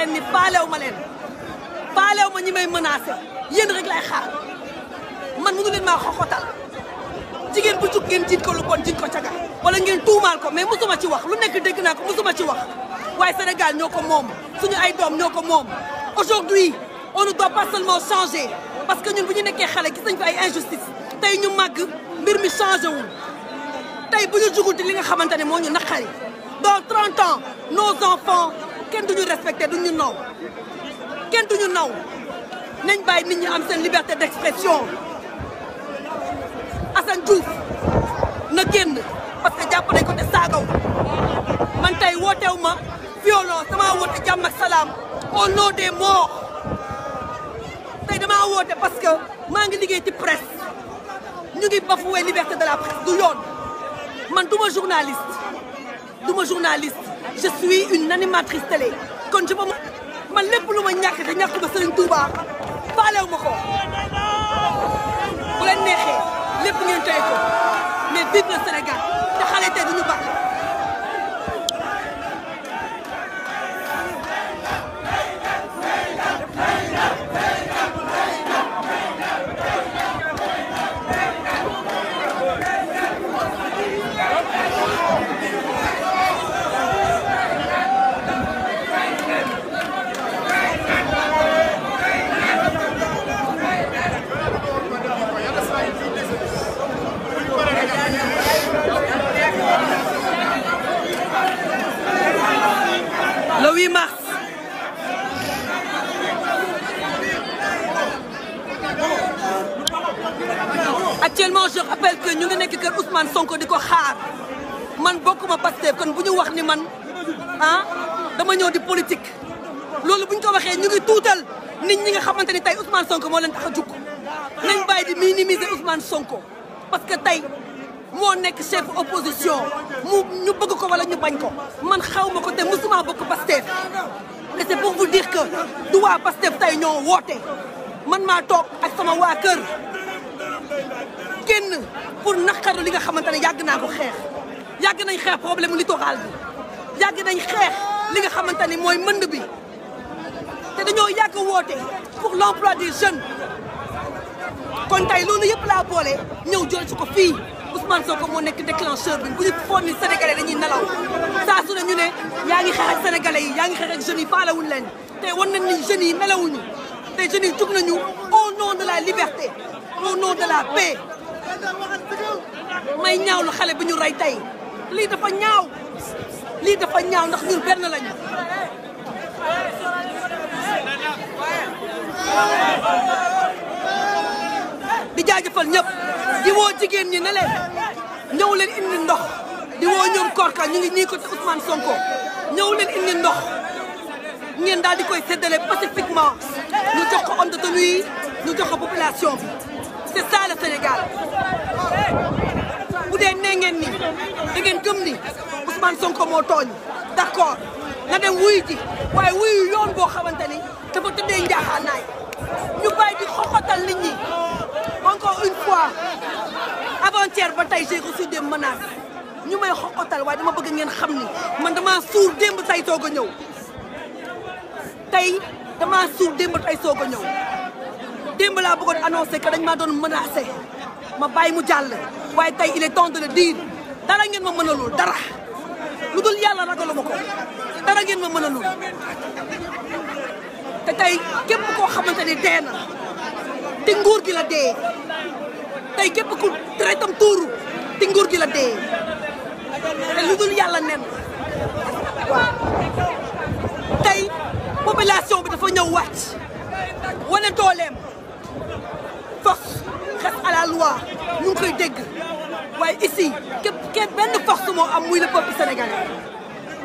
leen ni faalew ma ma ñi may menacé yéen rek lay xaar man mënu leen maa xoxotal jigéen bu jug ngeen jiit ko lu bon jiit ko caga wala ngeen tuumaal ko mais musuma ci wax lu nekk dégg naa ko ma ci wax waaye Sénégal ñoo ko moom suñu ay doom ñoo ko moom aujourd'hui on ne doit pas seulement changer parce que ñun bu ñu nekkee xale gis nañ fi ay injustice tey ñu màgg mbir mi changé wul tey bu ñu juguti li nga xamante ne moo ñu naqari dans 30 ans nos kenn duñu respecté duñu naw kenn duñu naw nañ bàyyi nit am seen liberté d'expression Assane Diouf na génn parce que jàpp ko te saagaw man tey wootew ma violon sama woote jàmm ak salaam au nom des morts tey damaa woote parce maa ngi liggéey ci presse ñu ngi bafoué liberté de la presse du yoon man du ma journaliste du ma journaliste je suis une animatrice télé kon je ma man lépp lu ma ñàkk te ñàkk ba Serigne Touba faalew ma ko bu leen neexee lépp ngeen tey ko mais vive le Sénégal te xale tey duñu bàq. actuellement je rappelle que ñu ngi nekk kër Ousmane Sonko di ko xaar man bokkuma Pastef kon bu ñu wax ni man ah dama ñëw di politique loolu bu ñu ko waxee ñu ngi tuutal nit ñi nga xamante ni tey Ousmane Sonko moo leen tax a jug nañ bàyyi di minimiser Ousmane Sonko parce que tey moo nekk chef opposition mu ñu bëgg ko wala ñu bañ ko man xaw ko te musuma bokk Pastef et c'est pour vous dire que du waa Pastef tey ñoo woote man maa toog ak sama waa kër génn pour naqaru li nga xamante ne yàgg naa ko xeex yàgg nañ xeex problème littoral bi yàgg nañ xeex li nga xamante ne mooy mënd bi te dañoo yàgg woote pour l'emploi des jeunes kon tey loolu yëpp laa boole ñëw jël si ko fii Ousmane Sonko moo nekk déclencheur bi bu ñu foon ni sénégalais nelaw saa su ne ñu ne yaa xeex ak sénégalais yi yaa ngi xeex ak jeunes yi leen te wan nañ ni yi nelawuñu te jeunes yi jug nañu au nom de la liberté au nom de la may ñaawlu xale bi ñu rey tey lii dafa ñaaw lii dafa ñaaw ndax ñun benn lañu. di jaajëfal ñëpp di woo jigéen ñi ne leen indi ndox di woo ñoom Korka ñu ngi nii ko ci Ousmane Sonko ñëw leen indi ndox ngeen daal di koy séddale pacifiquement ñu jox ko homme yi ñu jox ko population bi. c'est ça Sénégal bu dee nee ngeen ni da ngeen gëm ni Ousmane Sonko moo tooñ d'accord na dem wuyu ji waaye wuyu yoon boo xamante ni dafa tëddee njaaxaanaay ñu bàyyi di xoxatal nit ñi encore une fois avant ba tey j'ai reçu des menaces ñu may xoxatal waaye dama bëgg ngeen xam ni man dama suur démb tey soog a ñëw tey dama suur démb tey soog a ñëw démb laa bëggoon annoncé que dañ maa doon menacé ma bàyyi mu jàll waaye tey il est temps de le dara ngeen ma mënalul dara lu dul yàlla ragaluma ko dara ngeen ma mënalul te tey képp koo xamante ne dee na te nguur gi la dee tey képp ku traitam tuuru te nguur gi la dee te lu dul yàlla nen tey population bi dafa ñëw wàcc koy dégg waaye ici képp benn force moo am muy le peuple sénégalais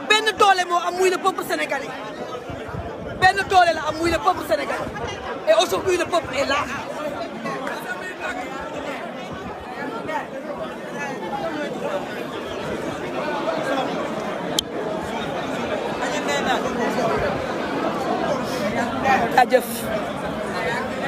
benn doole moo am muy le peuple sénégalais benn doole la am muy le peuple sénégalais et aujourd'hui le peuple est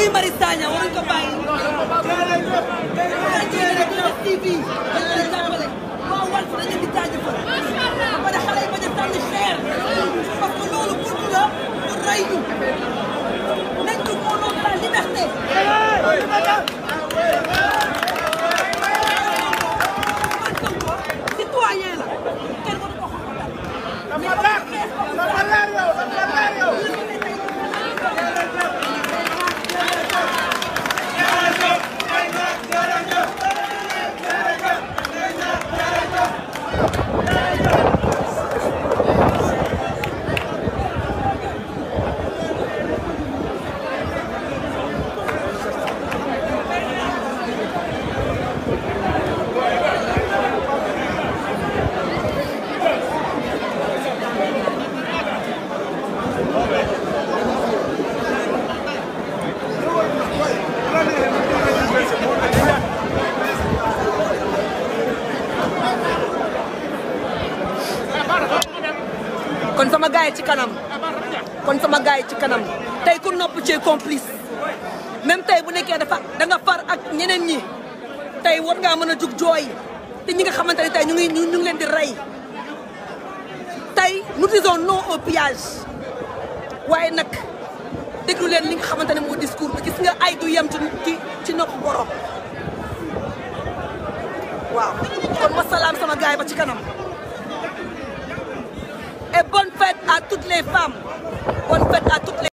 Guy Marius Sagna waruñ ko bàyyi. waaw wàllu dañ leen di jaajëfal. ba pare xale yi bañ a sànni xeer. parce que loolu buntu la bu rey ñu. nañ ñu au nom de la liberté. man Sonko citoyen la kenn ko du ko xoxatal kon sama gars yi ci kanam kon sama gars yi ci kanam tey ku nopp ci complice même tey bu nekkee dafa da nga far ak ñeneen ñi tey war ngaa mën a jug jooy te ñi nga xamante ne tey ñu ngi ñu ngi leen di rey tey nous disons non au pillage waaye nag déglu leen li nga xamante ne moo discours bi gis nga ay du yem ci ci nopp borom waaw kon wasalaam sama gars yi ba ci kanam. Et bonne fête à toutes les femmes. Bonne fête à toutes les